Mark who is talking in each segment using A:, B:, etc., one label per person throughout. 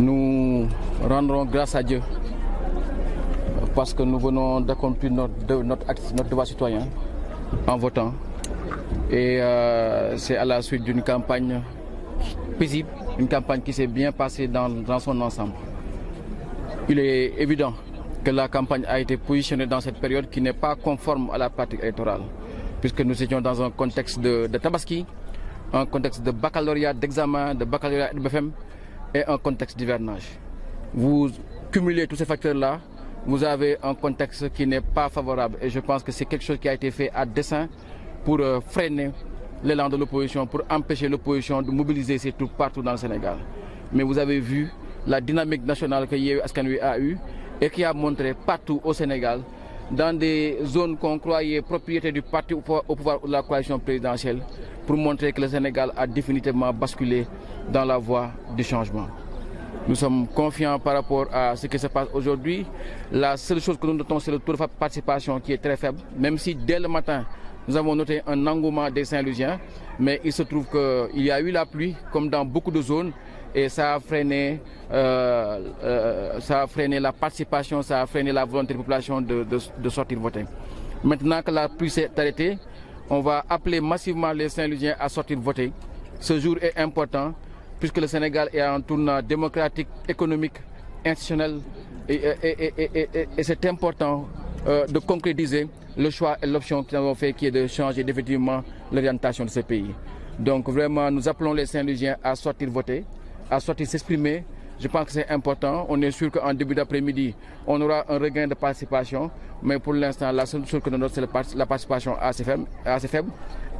A: Nous rendrons grâce à Dieu parce que nous venons d'accomplir notre, devoir citoyen en votant. Et euh, c'est à la suite d'une campagne paisible, une campagne qui s'est bien passée dans, dans son ensemble. Il est évident que la campagne a été positionnée dans cette période qui n'est pas conforme à la pratique électorale, puisque nous étions dans un contexte de, tabaski, un contexte de baccalauréat, d'examen, de baccalauréat de et un contexte d'hivernage. Vous cumulez tous ces facteurs-là, vous avez un contexte qui n'est pas favorable. Et je pense que c'est quelque chose qui a été fait à dessein pour euh, freiner l'élan de l'opposition, pour empêcher l'opposition de mobiliser ses troupes partout dans le Sénégal. Mais vous avez vu la dynamique nationale que Yé Askanui a eue et qui a montré partout au Sénégal dans des zones qu'on croyait propriété du parti au pouvoir ou de la coalition présidentielle pour montrer que le Sénégal a définitivement basculé dans la voie du changement. Nous sommes confiants par rapport à ce qui se passe aujourd'hui. La seule chose que nous notons, c'est le taux de participation qui est très faible, même si dès le matin, nous avons noté un engouement des Saint-Louisiens, mais il se trouve qu'il y a eu la pluie, comme dans beaucoup de zones, et ça a freiné, euh, euh, ça a freiné la participation, ça a freiné la volonté de la population de, sortir voter. Maintenant que la pluie s'est arrêtée, on va appeler massivement les Saint-Louisiens à sortir voter. Ce jour est important puisque le Sénégal est en tournant démocratique, économique, institutionnel et c'est important euh, de concrétiser le choix et l'option nous avons fait qui est de changer définitivement l'orientation de ce pays. Donc vraiment, nous appelons les saint lusiens à sortir voter, à sortir s'exprimer. Je pense que c'est important. On est sûr qu'en début d'après-midi, on aura un regain de participation. Mais pour l'instant, la seule chose que nous avons, c'est la participation assez faible,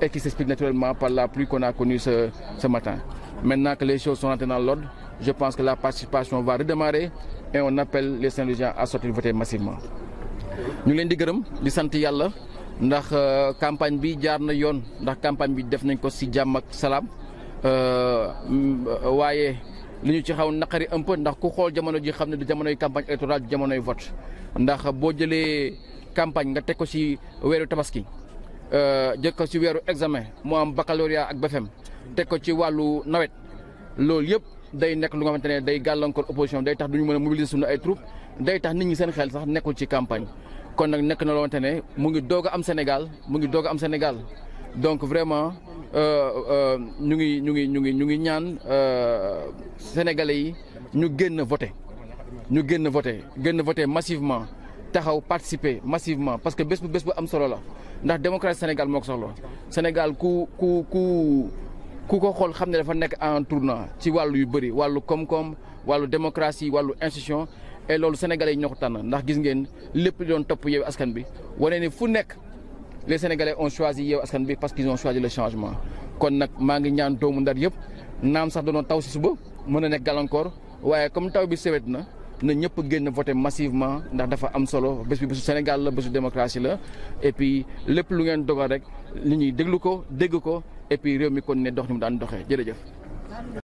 A: et qui s'explique naturellement par la pluie qu'on a connue ce, matin. Maintenant que les choses sont rentrées dans l'ordre, je pense que la participation va redémarrer et on appelle les saint lusiens à sortir voter massivement. ñu leen di gërëm di sant yàlla ndax euh, campagne bi jaar na yoon ndax campagne bi def nañ ko si jàmm ak salaam euh, waaye li ñu ci xaw naqari un peu ndax ku xool jamono ji xam ne du jamonoy campagne électorale du jamonoy vote ndax boo jëlee campagne nga teg ko si weeru tabaski euh, jëg ko si weeru examen mu am baccalauréat ak bafem teg ko ci wàllu nawet loolu yëpp day nek lu nga opposition day tax mobiliser ay troupes day tax nit ñi seen xel campagne kon na mu ngi am Sénégal mu ngi Sénégal donc vraiment euh, euh, ñu ngi ñu ngi euh, sénégalais yi ñu génn voter ñu génn voter massivement taxaw participer massivement parce que bés bu am solo la ndax démocratie Sénégal moo ko Sénégal ku ku ku xol xamne dafa nek en tournant ci walu yu beuri walu koom-koom walu démocratie walu institution et lolou sénégalais ñoko tan ndax gis ngeen lepp li doon top yeewu askan bi wane ni fu nek les sénégalais ont choisi yeewu askan bi parce qu'ils ont choisi le changement kon nak ma ngi ñaan doomu ndar yëpp naam sax doonoon taw ci suba mën a nekk gàllankoor waaye comme taw bi sewet na na ñëpp génn voté massivement ndax dafa am solo bés bi bésu Sénégal la bésu démocratie la et puis lépp lu ngeen dogal rek li ñuy déglu ko dégg ko et réew mi kon ne dox ni mu daan doxee jërëjëf